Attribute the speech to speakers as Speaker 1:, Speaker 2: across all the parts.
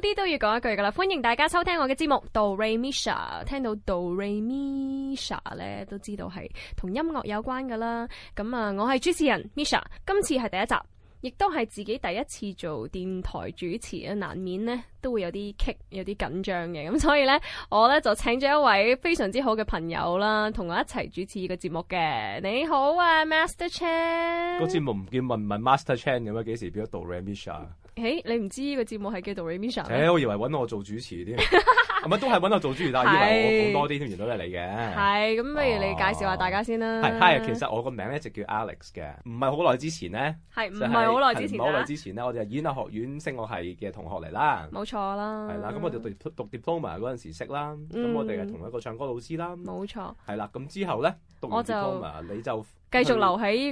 Speaker 1: 啲都要講一句噶啦，歡迎大家收聽我嘅節目 Do Re Mi Sha，聽到 Do Re Mi Sha 咧，都知道係同音樂有關噶啦。咁啊，我係主持人 Misha，今次係第一集，亦都係自己第一次做電台主持啊，難免呢，都會有啲 kick，有啲緊張嘅。咁所以咧，我咧就請咗一位非常之好嘅朋友啦，同我一齊主持呢個節目嘅。你好啊，Master Chen。個節
Speaker 2: 目唔見問唔問 Master Chen 嘅咩？幾時變咗 Do Re Mi Sha？
Speaker 1: 你唔知呢個節目係幾度嚟？誒，我
Speaker 2: 以為揾我做主持添，係咪都係揾我做主持？但係以為我講多啲添，原來都係你嘅。係，
Speaker 1: 咁不如你介紹下大家先啦。係，其實
Speaker 2: 我個名一直叫 Alex 嘅，唔係好耐之前咧。係，唔係好耐之前唔係好耐之前咧，我哋演藝學院升我係嘅同學嚟啦。冇
Speaker 1: 錯啦。係啦，咁我哋
Speaker 2: 讀讀 diploma 嗰陣時識啦，咁我哋係同一個唱歌老師啦。
Speaker 1: 冇錯。
Speaker 2: 係啦，咁之後咧，讀 diploma 你就繼續留
Speaker 1: 喺呢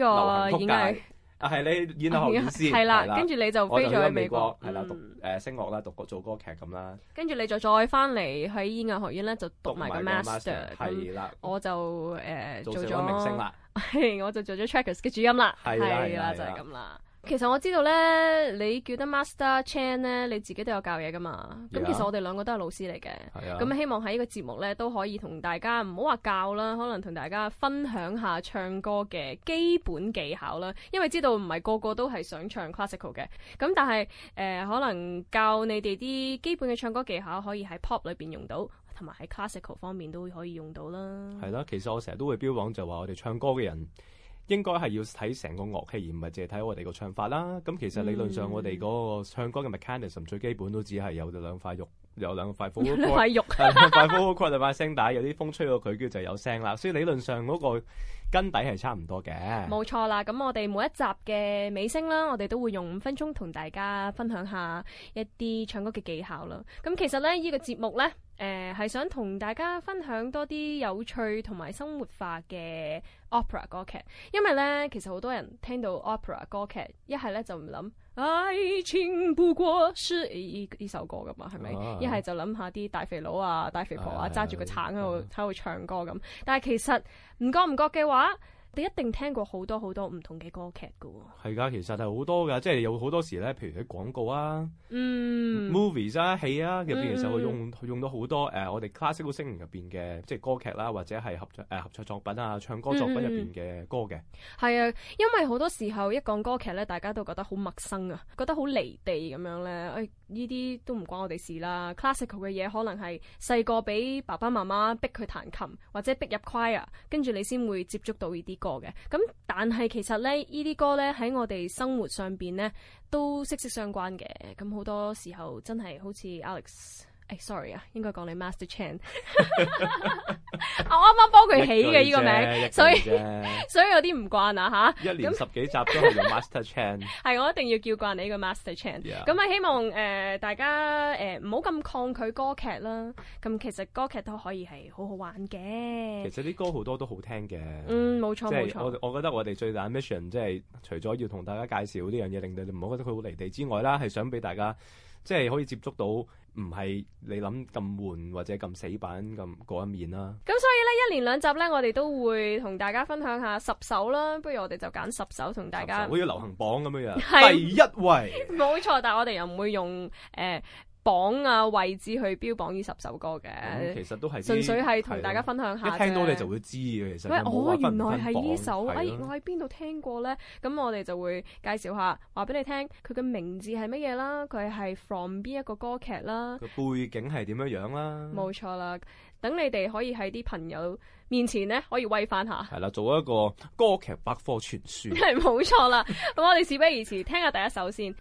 Speaker 1: 個演藝。
Speaker 2: 啊，係你演藝學院係啦，跟 住樂你就飛咗去美國，係啦讀誒聲樂啦，讀歌、呃、做歌劇咁啦，
Speaker 1: 跟住你就再翻嚟喺音樂學院咧就讀埋個 master，係啦，我就誒、呃、做咗了明星啦， 我就做咗 Trackers 嘅主音啦，係啦就係咁啦。其實我知道呢，你叫得 Master Chan 呢，你自己都有教嘢噶嘛。咁 Yeah, 其實我哋兩個都係老師嚟嘅。咁 Yeah, 希望喺呢個節目呢，都可以同大家唔好話教啦，可能同大家分享下唱歌嘅基本技巧啦。因為知道唔係個個都係想唱 classical 嘅。咁但係誒、呃，可能教你哋啲基本嘅唱歌技巧，可以喺 pop 裏邊用到，同埋喺 classical 方面都可以用到啦。
Speaker 2: 係啦，其實我成日都會標榜就話我哋唱歌嘅人。應該係要睇成個樂器，而唔係淨係睇我哋個唱法啦。咁其實理論上，嗯、我哋嗰個唱歌嘅 mechanism 最基本都只係有兩塊肉，有兩塊骨骼。兩塊肉，嗯、 兩塊骨骼就塊聲帶，有啲風吹過佢，跟住就有聲啦。所以理論上嗰個根底係差唔多嘅。冇
Speaker 1: 錯啦。咁我哋每一集嘅尾聲啦，我哋都會用五分鐘同大家分享一下一啲唱歌嘅技巧啦。咁其實咧，呢、呢個節目咧。誒，係、呃、想同大家分享多啲有趣同埋生活化嘅 opera 歌劇，因為咧，其實好多人聽到 opera 歌劇，一係咧就唔諗，啊、愛情不過是呢首歌噶嘛，係咪？一係、啊、就諗下啲大肥佬啊、大肥婆啊揸住個橙喺度喺度唱歌咁，啊啊、但係其實唔覺唔覺嘅話。你一定聽過好多好多唔同嘅歌劇嘅喎，
Speaker 2: 係噶，其實係好多噶，即係有好多時咧，譬如喺廣告啊、嗯、movies 啊、戲啊入邊其實會用，用用到好多誒，uh, 我哋 classical 聲入邊嘅即係歌劇啦、啊，或者係合作、uh, 合作作品啊、唱歌作品入邊嘅歌嘅、
Speaker 1: 嗯。係啊，因為好多時候一講歌劇咧，大家都覺得好陌生啊，覺得好離地咁樣咧，誒呢啲都唔關我哋事啦。classical 嘅嘢可能係細個俾爸爸媽媽逼佢彈琴或者逼入 choir，跟住你先會接觸到呢啲。嘅咁，但係其實咧，依啲歌咧喺我哋生活上邊咧都息息相關嘅。咁好多時候真係好似 Alex。誒、哎、sorry 啊，應該講你 Master Chan， 啊、我啱啱幫佢起嘅呢個名所，所以所以有啲唔慣啊吓，一連十
Speaker 2: 幾集都係用 Master Chan，
Speaker 1: 係 我一定要叫慣你個 Master Chan，咁啊 Yeah. 希望誒、呃、大家誒唔好咁抗拒歌劇啦，咁其實歌劇都可以係好好玩嘅，其
Speaker 2: 實啲歌好多都好聽嘅，嗯，冇錯冇錯，就是、錯我我覺得我哋最大 mission 即、就、係、是、除咗要同大家介紹呢樣嘢，令你唔好覺得佢好離地之外啦，係想俾大家即係、就是、可以接觸到。唔係你諗咁悶或者咁死板咁嗰一面啦、啊。
Speaker 1: 咁所以呢，一連兩集呢，我哋都會同大家分享下十首啦。不如我哋就揀十首同大家。好似流
Speaker 2: 行榜咁樣樣。是第一位。
Speaker 1: 冇 錯，但係我哋又唔會用誒、呃榜啊位置去標榜呢十首歌嘅，其實都係純粹係同大家分享下。一聽到你就會
Speaker 2: 知嘅，其實。喂、哦，我原來係呢首，哎了，我喺
Speaker 1: 邊度聽過咧？咁我哋就會介紹下，話俾你聽佢嘅名字係乜嘢啦，佢係 from 邊一個歌劇啦，
Speaker 2: 背景係點樣樣啦？冇
Speaker 1: 錯啦，等你哋可以喺啲朋友面前咧，可以威翻下。係
Speaker 2: 啦，做一個歌劇百科全書。係
Speaker 1: 冇錯啦，咁我哋事不宜遲，聽下第一首先。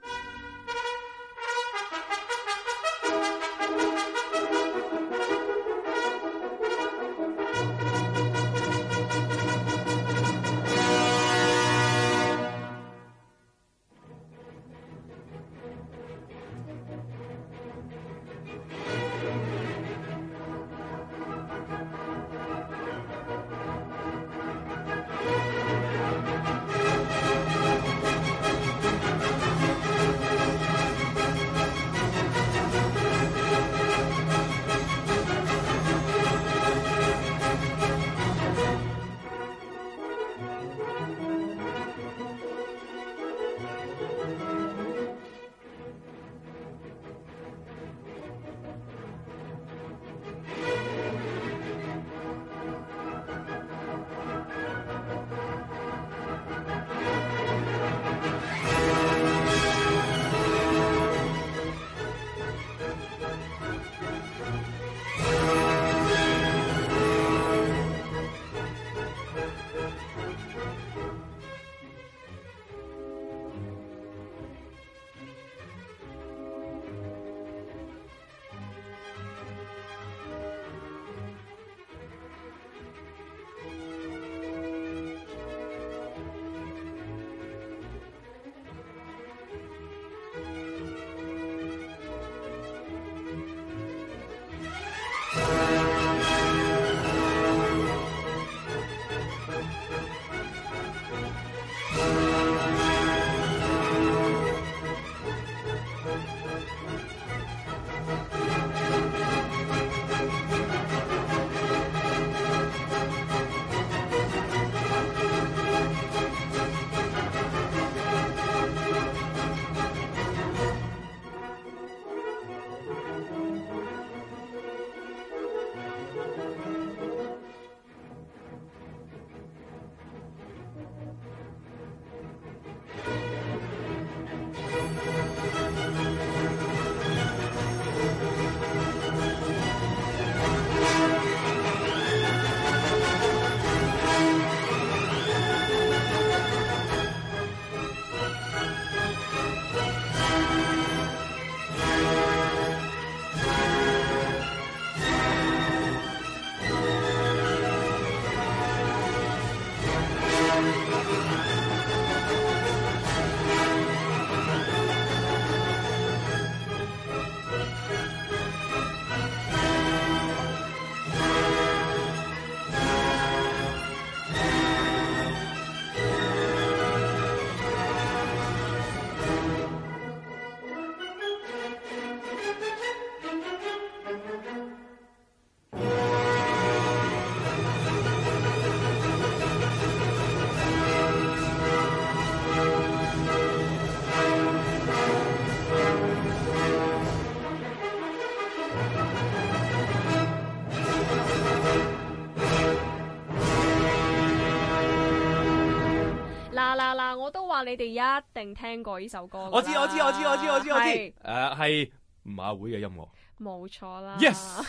Speaker 1: 話你哋一定聽過呢首歌我，我知我知我知我知我知，我知，
Speaker 2: 誒，係是、uh, 馬會嘅音樂，
Speaker 1: 冇錯啦。yes、yes!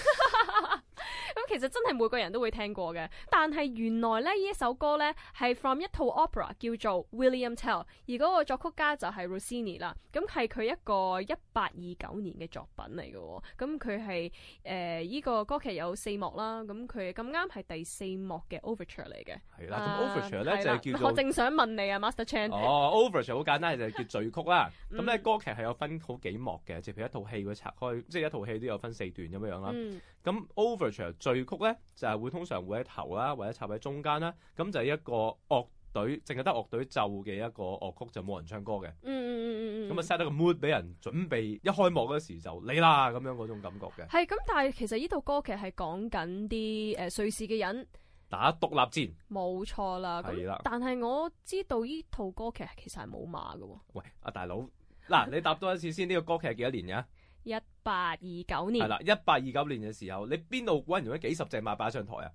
Speaker 1: 其實真係每個人都會聽過嘅，但係原來咧呢一首歌咧係 from 一套 opera 叫做 William Tell，而嗰個作曲家就係 Rossini 啦，咁係佢一個一八二九年嘅作品嚟嘅，咁佢係誒呢個歌劇有四幕啦，咁佢咁啱係第四幕嘅 overture 嚟嘅，係啦，咁 overture 咧就係叫做，我正想問你啊，Master Chan 哦，overture
Speaker 2: 好簡單，就係、是、叫序曲啦，咁咧、 嗯、歌劇係有分好幾幕嘅，即係譬如一套戲佢拆開，即、就、係、是、一套戲都有分四段咁樣樣啦，咁、嗯嗯、overture 最曲咧就係會通常會喺頭啦，或者插喺中間啦，咁就係一個樂隊淨係得樂隊奏嘅一個樂曲就冇人唱歌嘅。嗯嗯嗯嗯咁啊 set 得個 mood 俾人準備，一開幕嗰時就嚟啦咁樣嗰種感覺嘅。係，
Speaker 1: 咁但係其實呢套歌劇係講緊啲誒瑞士嘅人
Speaker 2: 打獨立戰。
Speaker 1: 冇錯啦。係啦。的但係我知道呢套歌劇其實係冇馬㗎。
Speaker 2: 喂，阿、啊、大佬，嗱，你答多一次先，呢 個歌劇係幾多年嘅？
Speaker 1: 一八二九年係啦，
Speaker 2: 一八二九年嘅時候，你邊度搵人用咗幾十隻馬擺上台、嗯、啊？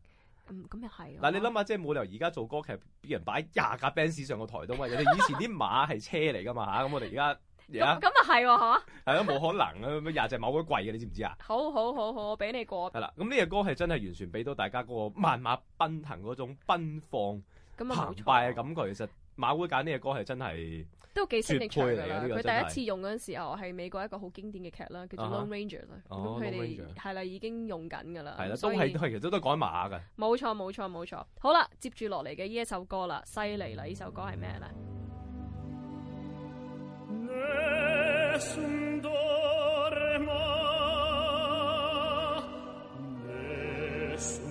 Speaker 2: 咁咁又係嗱，你諗下即係冇理由而家做歌劇，俾人擺廿架 Benz 上個台都嘛？人哋以前啲馬係車嚟噶嘛吓？咁我哋而家而家咁又係喎嗬？係咯，冇、啊、可能啊！廿隻馬好貴嘅，你知唔知啊？
Speaker 1: 好好好好，我俾你過。係、嗯、啦，
Speaker 2: 咁呢隻歌係真係完全俾到大家嗰個萬馬奔騰嗰種奔放澎湃嘅感覺，嗯嗯、其實。馬會揀呢隻歌係真係
Speaker 1: 都幾經典嘅啦，佢第一次用嗰陣時候係美國一個好經典嘅劇啦，叫做《Lone Ranger》啦，佢哋係啦已經用緊噶啦，係啦、哦、以都係都係
Speaker 2: 其實都改馬嘅，
Speaker 1: 冇錯冇錯冇錯。好啦，接住落嚟嘅呢一首歌啦，犀利啦！呢首歌係咩咧？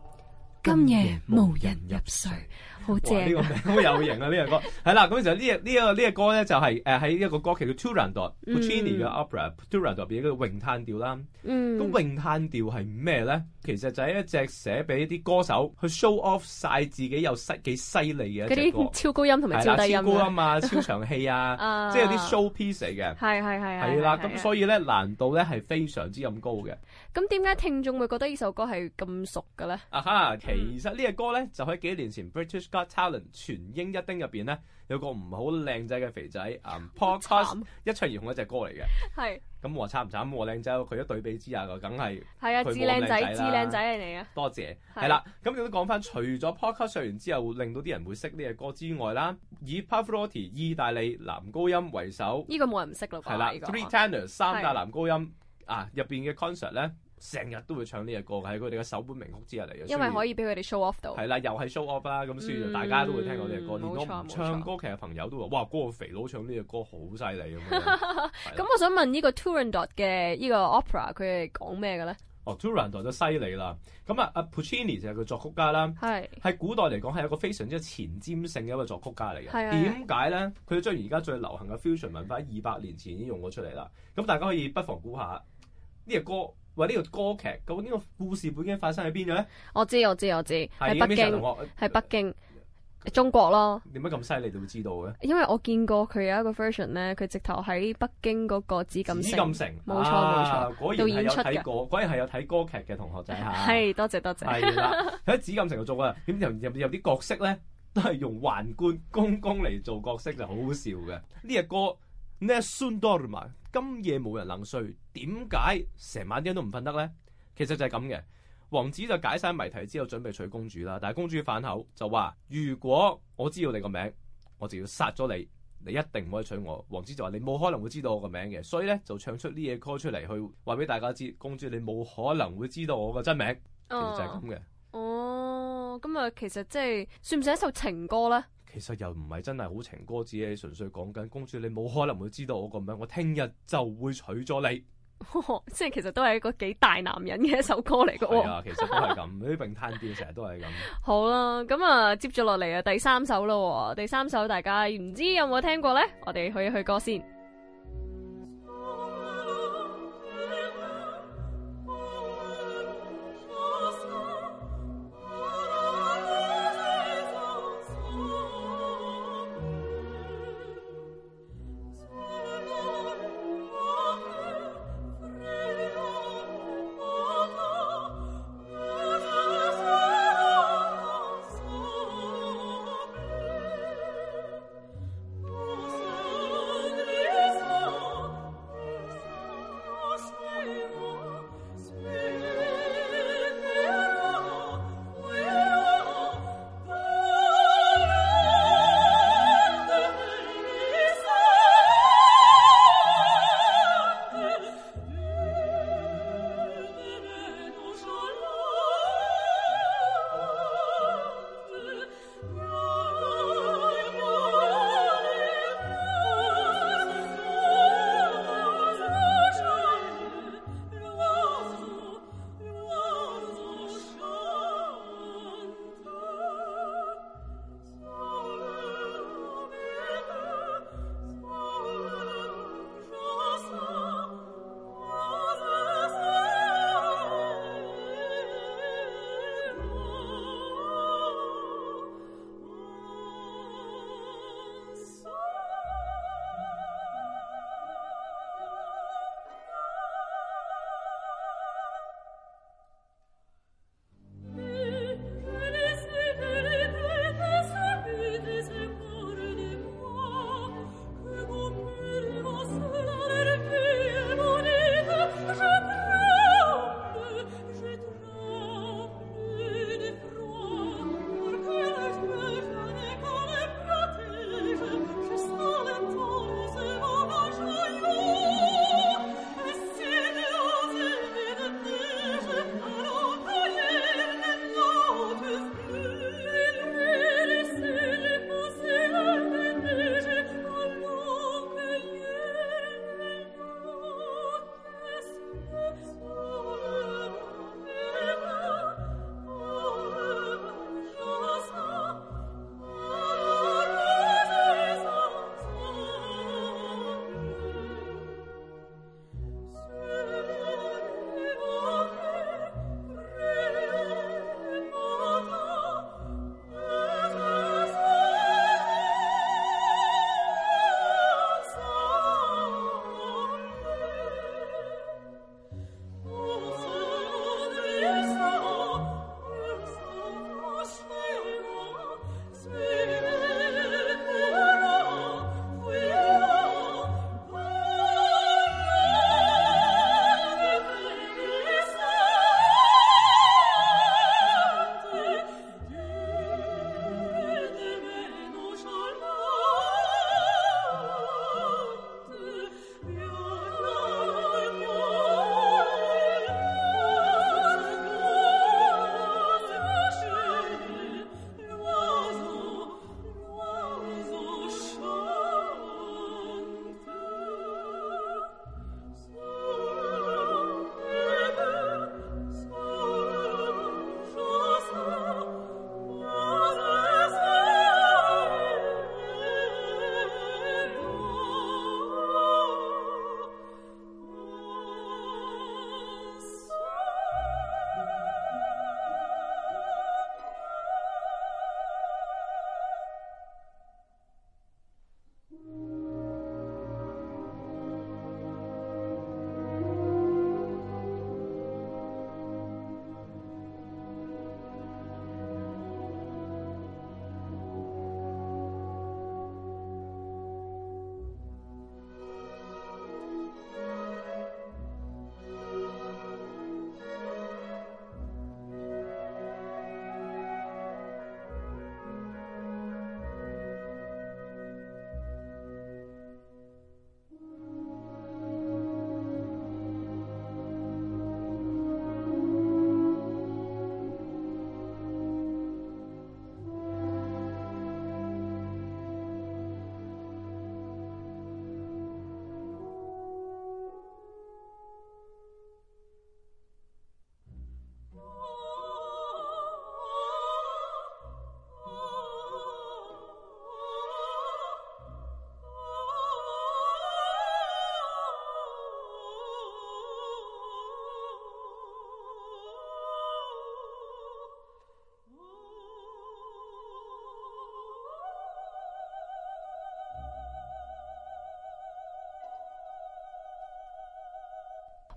Speaker 1: 今夜無人入睡，好正，呢個名
Speaker 2: 好有型啊！呢個歌係啦，咁其實呢，呢個呢個歌咧就係誒喺一個歌劇叫 Turandot，Puccini 嘅 Opera，Turandot 代表嘅詠嘆調啦。咁詠嘆調係咩咧？其實就係一隻寫俾一啲歌手去 show off 晒自己又係幾犀利嘅一隻超
Speaker 1: 高音同埋超低音啊，超長
Speaker 2: 氣啊，即係啲 show piece 嚟嘅。係
Speaker 1: 係係。係啦，咁所以
Speaker 2: 咧難度咧係非常之咁高嘅。
Speaker 1: 咁點解聽眾會覺得呢首歌係咁熟嘅咧？
Speaker 2: 啊哈！其實呢隻歌咧就喺幾年前 British Got Talent 全英一丁入邊咧有個唔好靚仔嘅肥仔啊，um，Paul Potts 一唱而紅一隻歌嚟嘅。
Speaker 1: 係
Speaker 2: 是。咁我話慘唔慘？我話靚仔，佢一對比之下就梗係係啊！至靚仔，至靚仔係你啊！多謝。係啦是。咁亦都講翻，除咗 Paul Potts 唱完之後令到啲人會識呢隻歌之外啦，以 Pavarotti 意大利男高音為首，呢
Speaker 1: 個冇人唔識咯。係啦，啊。Three，這個，Tenor 三大男
Speaker 2: 高音的啊，入邊嘅 concert 咧。成日都會唱呢隻歌，嘅，係佢哋嘅首本名曲之一嚟嘅。因為可
Speaker 1: 以俾佢哋 show off 到。係
Speaker 2: 啦，又係 show off 啦，咁所以大家都會聽過呢隻歌。錯唱歌錯其實朋友都話，哇，嗰、那個肥佬唱呢隻歌好犀利咁，
Speaker 1: 咁我想問個、這個、a, 呢個 Turandot 嘅呢個 opera，佢係講咩嘅咧？
Speaker 2: 哦，Turandot 都犀利啦。咁啊，阿 Puccini 就係佢作曲家啦。係是。喺古代嚟講係一個非常之前瞻性嘅一個作曲家嚟嘅。係點解咧？佢將而家最流行嘅 fusion 文化二百年前已經用咗出嚟啦。咁大家可以不妨估下呢隻歌。話呢個歌劇咁呢個故事背景發生喺邊度咧？
Speaker 1: 我知我知我知，喺北京喺北京中國咯。
Speaker 2: 點解咁犀利就會知道嘅？
Speaker 1: 因為我見過佢有一個 version 咧，佢直頭喺北京嗰個紫禁城。紫禁城冇錯冇錯，果然係有睇過，
Speaker 2: 果然係有睇歌劇嘅同學仔吓。係，多謝多謝。係喺紫禁城度做啊，點又入有啲角色咧，都係用宦官公公嚟做角色就好好笑嘅。呢個歌呢 Nessun Dorma。今夜冇人能睡，點解成晚啲人都唔瞓得呢？其實就係咁嘅，王子就解晒謎題之後準備娶公主啦。但係公主反口就話：如果我知道你個名，我就要殺咗你，你一定唔可以娶我。王子就話：你冇可能會知道我個名嘅，所以咧就唱出呢嘢歌出嚟，去話俾大家知，公主你冇可能會知道我個真名，其實就係咁嘅。
Speaker 1: 哦，咁啊，其實即係算唔算一首情歌呢？
Speaker 2: 其實又唔係真係好情歌只係，純粹講緊公主，你冇可能會知道我個名，我聽日就會娶咗你，
Speaker 1: 即係 其實都係一個幾大男人嘅一首歌嚟㗎、 啊。其實都係
Speaker 2: 咁，啲 詠嘆調成日都係
Speaker 1: 咁。好啦、啊，咁啊接住落嚟啊第三首咯。第三首大家唔知有冇聽過咧，我哋去去歌先。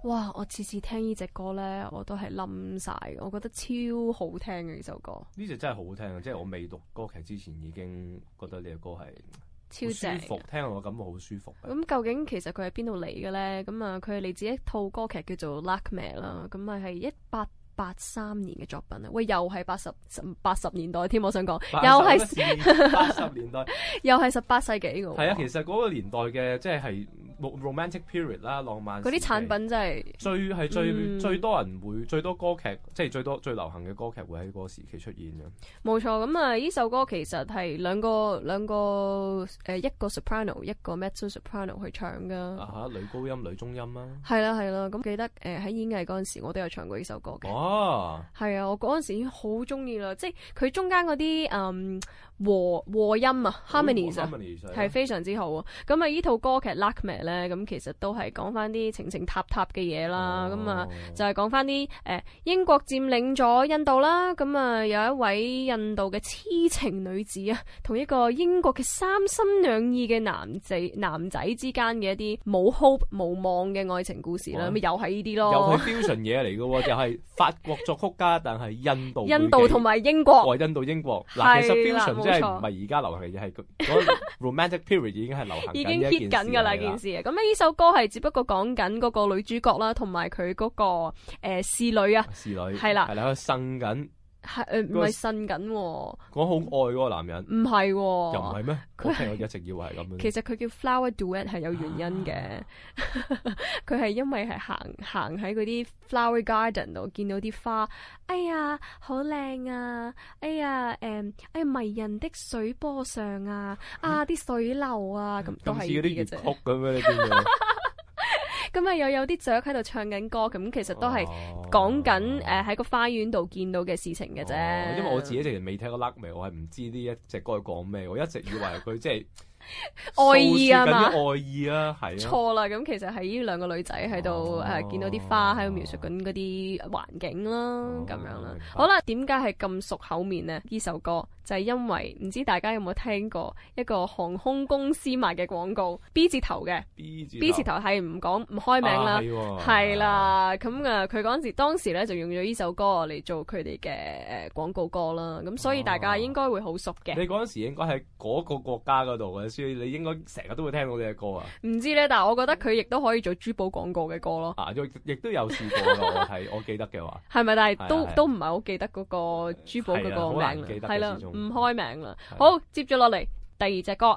Speaker 1: 哇！我次次聽呢隻歌咧，我都係冧晒。我覺得超好聽嘅呢首歌。
Speaker 2: 呢隻真係好聽。即係我未讀歌劇之前已經覺得呢隻歌係
Speaker 1: 超舒服，
Speaker 2: 聽落我感覺好舒服。
Speaker 1: 咁究竟其實佢係邊度嚟嘅咧？咁、嗯、啊，佢係嚟自一套歌劇叫做《Lakme》啦。咁啊係一八八三年嘅作品啊。喂，又係八十八十年代添，我想講又係八十年代， 又係十八世紀嘅。係啊，其
Speaker 2: 實嗰個年代嘅即係係。Romantic period 啦，浪漫嗰啲產
Speaker 1: 品真、就、係、是、
Speaker 2: 最係最最多人會、嗯、最多歌劇，即係最多最流行嘅歌劇會喺嗰個時期出現
Speaker 1: 嘅。冇錯，咁啊呢首歌其實係兩個兩個誒一個 soprano 一個 mezzo soprano 去唱噶。
Speaker 2: 啊 女高音女中音啦、啊。
Speaker 1: 係啦係啦，咁記得誒喺演藝嗰陣時，我都有唱過呢首歌嘅。哦，係啊，我嗰陣時已經好中意啦，即係佢中間嗰啲誒。Um, 和和音啊，harmony，Harmony 啊，係非常之好啊。咁啊，呢套歌劇《Lakme》咧，咁其實都係講翻啲情情塔塔嘅嘢啦。咁啊，就係講翻啲誒英國佔領咗印度啦。咁啊，有一位印度嘅痴情女子啊，同一個英國嘅三心兩意嘅男仔男仔之間嘅一啲冇 hope 冇望嘅愛情故事啦。咁又係呢啲咯，又係 fusion
Speaker 2: 嘢嚟嘅喎，又係法國作曲家，但係印度、印度同埋英國、印度英國嗱，其實 fusion。即係唔係而家流行嘅嘢，係 嗰個 Romantic Period 已經係流行已緊嘅一件事。
Speaker 1: 咁呢 吧首歌係只不過講緊嗰個女主角啦，同埋佢嗰個誒、呃、侍女啊，侍
Speaker 2: 女係啦，係啦，佢生緊。
Speaker 1: 係誒，唔係信緊，我、
Speaker 2: 呃、好、啊、愛嗰個男人。唔係、啊，又唔係咩？是我聽我一直以為係咁樣。其實
Speaker 1: 佢叫《Flower Duet》係有原因嘅，佢係、啊、 因為係行行喺嗰啲 flower garden 度見到啲花，哎呀好靚啊，哎呀誒、嗯，哎迷人的水波上啊，嗯、啊啲水流啊，咁都係嗰啲粵曲
Speaker 2: 咁樣。
Speaker 1: 咁啊又有啲雀喺度唱緊歌，咁其實都係講緊誒喺個花園度見到嘅事情嘅啫、啊。因為我自
Speaker 2: 己之前未聽過甩尾，我係唔知呢一隻歌係講咩，我一直以為佢即係。
Speaker 1: 愛意啊嘛，愛
Speaker 2: 意、啊、 錯啦，係錯啦。
Speaker 1: 咁其實係呢兩個女仔喺度誒，啊啊啊、見到啲花喺度描述緊嗰啲環境啦，咁、啊、樣啦。啊、好啦，點解係咁熟口面呢？呢首歌就係因為唔知大家有冇聽過一個航空公司賣嘅廣告，B 字頭嘅 B 字 B 字頭係唔講唔開名啦，係、啊啊、啦。咁啊，佢嗰陣時當時咧就用咗呢首歌嚟做佢哋嘅誒廣告歌啦。咁所以大家應該會好熟嘅。啊、你嗰
Speaker 2: 陣時應該喺嗰個國家嗰度嘅。所以你應該成日都會聽到呢隻歌啊！
Speaker 1: 唔知咧，但係我覺得佢亦都可以做珠寶廣告嘅歌咯。
Speaker 2: 啊，亦都有試過㗎，係 我記得嘅話。係咪？但係、啊、都、啊、都唔
Speaker 1: 係好記得嗰個珠寶嘅個名啦，係啦、啊，唔、啊、鐘開名啦。好，接住落嚟第二隻歌。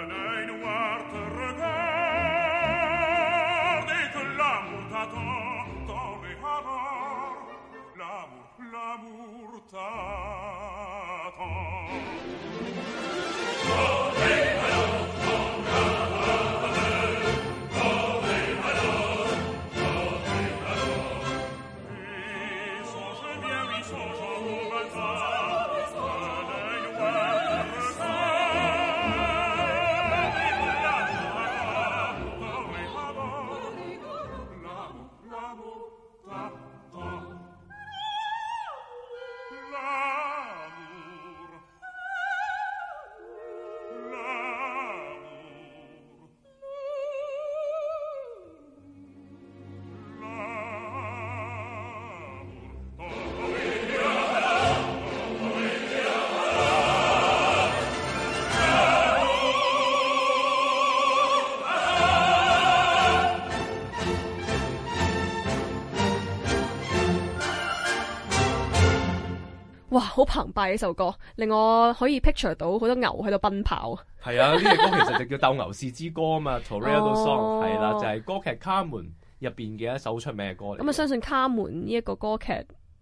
Speaker 1: 好澎湃呢首歌，令我可以 picture 到好多牛喺度奔跑啊！係啊，呢隻歌其實就
Speaker 2: 叫《鬥牛士之歌》啊嘛，《Toreador Song》係啦，就係歌劇卡門入邊嘅一首出名嘅歌嚟。咁啊，相信
Speaker 1: 卡門呢一個歌劇，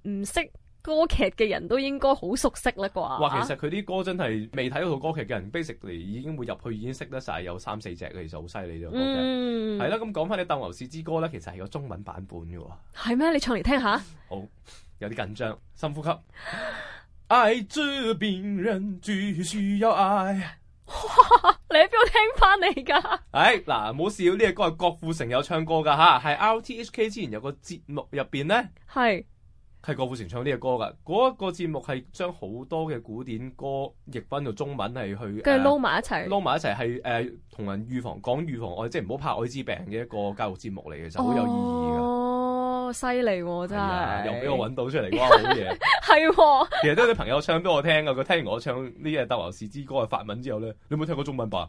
Speaker 1: 唔識歌劇嘅人都應該好熟悉啦啩？哇，其實
Speaker 2: 佢啲歌真係未睇到套歌劇嘅人，Basically 已經會入去，已經識得晒有三四隻其實好犀利嘅歌劇。
Speaker 1: 係啦，
Speaker 2: 咁講翻啲《鬥牛士之歌》咧，其實係個中文版本嘅喎。
Speaker 1: 係咩？ 你唱嚟聽下。
Speaker 2: 好，有啲緊張，深呼吸。愛滋病人最需要愛。
Speaker 1: 你喺邊度聽翻嚟噶？
Speaker 2: 誒、哎，嗱，冇笑，呢、這個歌係郭富城有唱歌噶吓，係 RTHK 之前有個節目入邊咧，係係是郭富城唱呢嘢歌噶，嗰、那、一個節目係將好多嘅古典歌譯翻到中文係去，啊呃、跟住撈埋一齊，撈埋一齊係誒，同人預防講預防愛，即係唔好怕愛滋病嘅一個教育節目嚟嘅，就好有意義
Speaker 1: 噶。哦犀利、哦哦、真係、啊，又俾我揾
Speaker 2: 到出嚟，哇好嘢！
Speaker 1: 係， 是哦、其
Speaker 2: 實都係啲朋友唱俾我聽啊。佢聽完我唱呢隻《鬥牛士之歌》嘅法文之後咧，你有冇聽過中文版？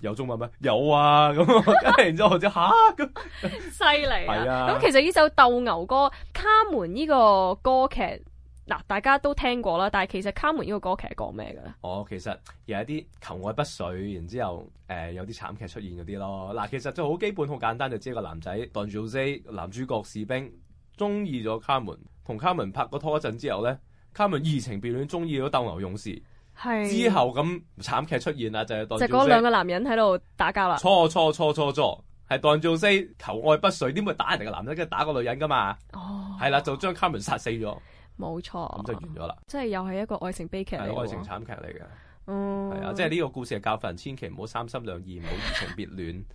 Speaker 2: 有中文咩？有啊，咁，然之後我就吓
Speaker 1: 咁犀利啊！咁、啊、其實呢首《鬥牛歌》卡門呢個歌劇。嗱，大家都聽過啦，但係其實卡門呢個歌劇其實講咩嘅
Speaker 2: 咧？哦，其實有一啲求愛不遂，然後之後誒、呃、有啲慘劇出現嗰啲咯。嗱、啊，其實就好基本、好簡單，就知一個男仔 Don José 男主角士兵中意咗卡門，同卡門拍過拖一陣之後咧，卡門移情別戀，中意咗鬥牛勇士。
Speaker 1: 係是，之後
Speaker 2: 咁慘劇出現啦，就係、是、Don José 就嗰兩個
Speaker 1: 男人喺度打交啦。錯
Speaker 2: 錯錯錯錯，係 Don José，求愛不遂，點會打人哋個男人，跟住打個女人噶嘛？哦、oh，係啦，就將卡門殺死咗。冇錯，咁就完咗啦、嗯。
Speaker 1: 即係又係一個愛情悲劇嚟，愛情慘劇嚟嘅。嗯，係啊，即係呢個
Speaker 2: 故事嘅教訓，千祈唔好三心兩意，唔好移情別戀。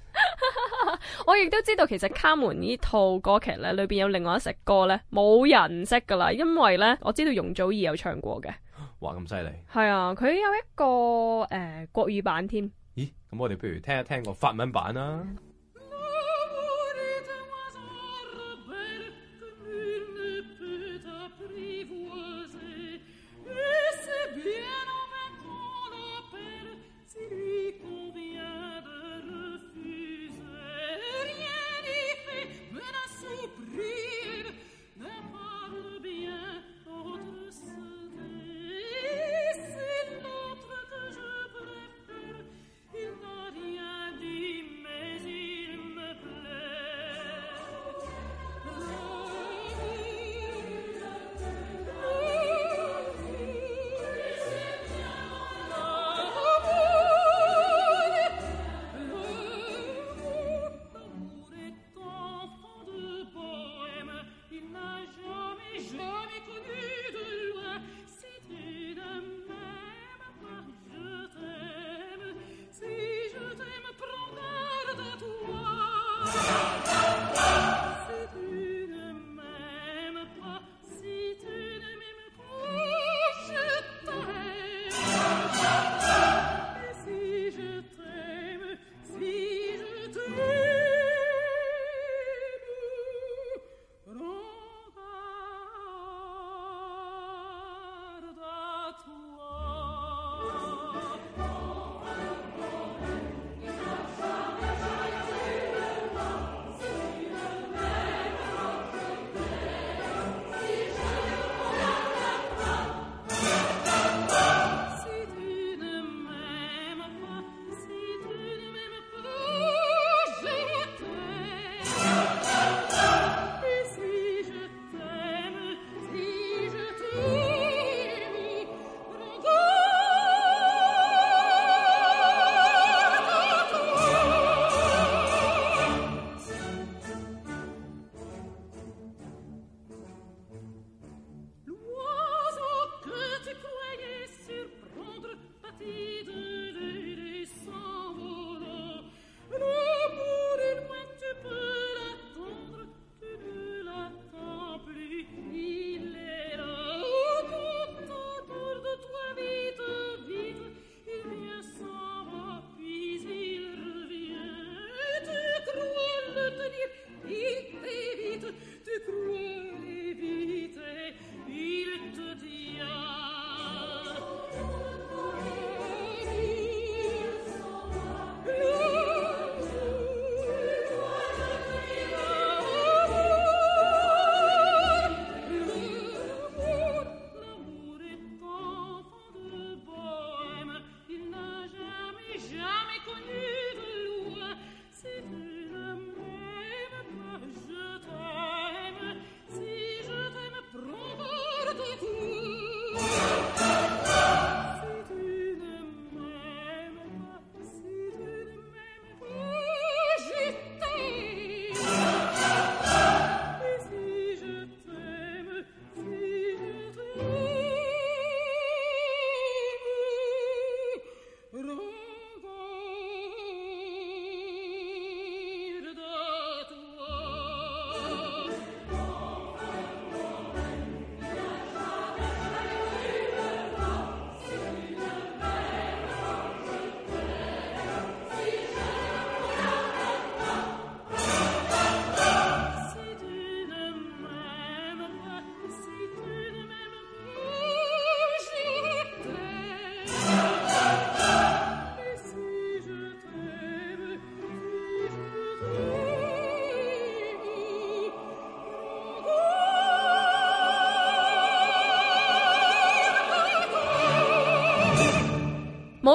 Speaker 1: 我亦都知道，其實卡門呢套歌劇咧，裏邊有另外一首歌咧，冇人識噶啦。因為咧，我知道容祖兒有唱過嘅。
Speaker 2: 哇，咁犀利！
Speaker 1: 係啊，佢有一個誒、呃、國語版添。
Speaker 2: 咦？咁我哋不如聽一聽個法文版啦。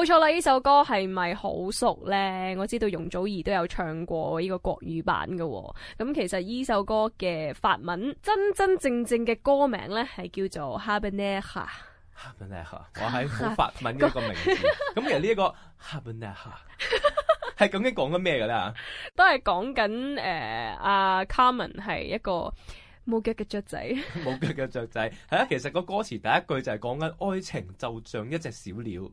Speaker 1: 冇錯啦，呢首歌係咪好熟咧？我知道容祖兒都有唱過呢個國語版嘅，哦。咁其實呢首歌嘅法文真真正正嘅歌名咧，係叫做 Habanera，Habanera
Speaker 2: 我喺好法文嗰個名字。咁 其實、這個、 呢、呃啊、一個 Habanera 係究竟講緊咩嘅咧？
Speaker 1: 都係講緊誒，阿 Carmen 係一個冇腳嘅雀仔。
Speaker 2: 冇腳嘅雀仔係啊，其實個歌詞第一句就係講緊愛情就像一隻小鳥。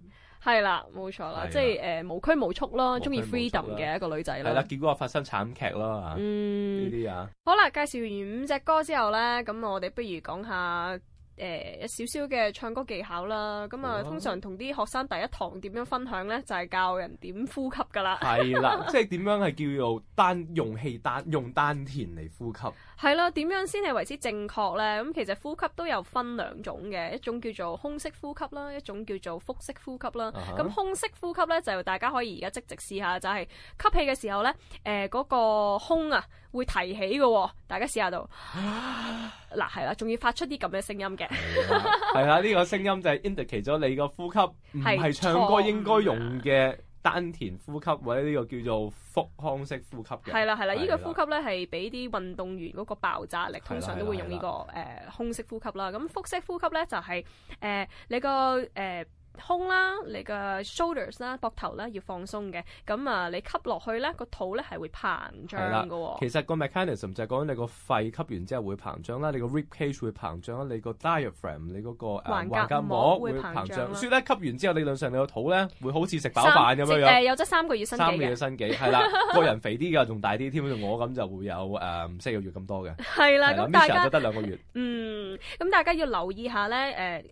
Speaker 1: 係啦，冇錯啦，的即係誒、呃、無拘無束咯，中意 freedom 嘅一個女仔啦。係啦，
Speaker 2: 結果發生慘劇咯，嗯，呢啲啊，
Speaker 1: 好啦，介紹完五隻歌之後咧，咁我哋不如講下。誒有少少嘅唱歌技巧啦，咁啊通常同啲學生第一堂點樣分享呢？就係、是、教人點呼吸噶啦了。係啦， 即係
Speaker 2: 點樣係叫做丹用氣丹用丹田嚟呼吸？
Speaker 1: 係啦，點樣先係為之正確呢？咁其實呼吸都有分兩種嘅，一種叫做胸式呼吸啦，一種叫做腹式呼吸啦。咁胸、uh huh. 式呼吸呢，就是、大家可以而家即即試下，就係、是、吸氣嘅時候呢，誒、呃、嗰、那個胸啊。會提起嘅，哦，大家試下度。嗱，啊，係啦，啊，仲，啊，要發出啲咁嘅聲音嘅。
Speaker 2: 係啦，呢個聲音就係 indicate 咗你個呼吸唔係唱歌應該用嘅丹田呼吸，或者呢個叫做腹腔式呼吸嘅。係啦，啊，係啦，啊，呢，啊這個呼吸
Speaker 1: 咧係俾啲運動員嗰個爆炸力，通常都會用呢，這個誒胸，啊啊啊呃，式呼吸啦。咁腹式呼吸咧就係、是、誒、呃、你個誒。呃胸啦、啊，你嘅 shoulders 啦、啊，膊頭啦，要放鬆嘅。咁啊，你吸落去咧，個肚咧係會膨脹嘅、哦。其
Speaker 2: 實個 mechanism 就係講緊你個肺吸完之後會膨脹啦、啊，你個 rib cage 會膨脹啦、啊，你，di ram，你、那個 diaphragm 你嗰個誒橫隔膜會膨脹、啊。膨啊、所以咧吸完之後，理論上你個肚咧會好似食飽飯咁樣樣。呃、有咗
Speaker 1: 三個月新嘅。三個月
Speaker 2: 身紀係啦，個 人肥啲噶，仲大啲添，我咁就會有誒、呃、四個月咁多嘅。係啦，咁大家就得兩個月嗯，
Speaker 1: 咁大家要留意下咧，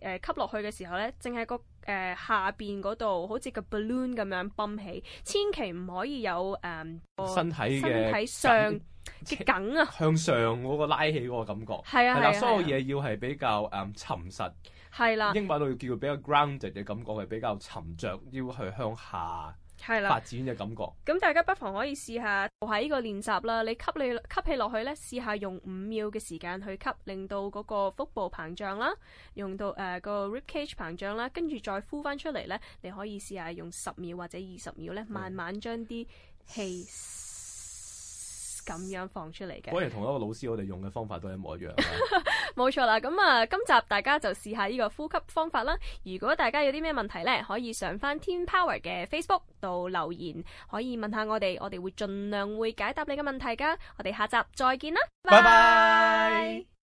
Speaker 1: 誒、呃、誒吸落去嘅時候咧，淨係個。誒、呃、下邊嗰度好似個 balloon 咁樣泵起，千祈唔可以有誒、嗯、身體身體上嘅梗啊，
Speaker 2: 向上嗰個拉起嗰個感覺係啊，係啦、啊啊，所有嘢要係比較誒、嗯、沉實，
Speaker 1: 係啦，啊、英文
Speaker 2: 度叫比較 grounded 嘅感覺係比較沉着，要去向下。係啦，發展嘅感覺。
Speaker 1: 咁大家不妨可以試下做下呢個練習啦。你吸你吸氣落去呢，試下用五秒嘅時間去吸，令到嗰個腹部膨脹啦，用到誒個 rib cage 膨脹啦，跟住再呼翻出嚟呢，你可以試下用十秒或者二十秒呢，慢慢將啲氣。嗯咁樣放出嚟嘅，果然同
Speaker 2: 一個老師，我哋用嘅方法都係一模一樣。
Speaker 1: 冇錯啦，咁啊，今集大家就試下呢個呼吸方法啦。如果大家有啲咩問題咧，可以上翻天 Power 嘅 Facebook 度留言，可以問下我哋，我哋會盡量會解答你嘅問題㗎。我哋下集再見啦，拜拜。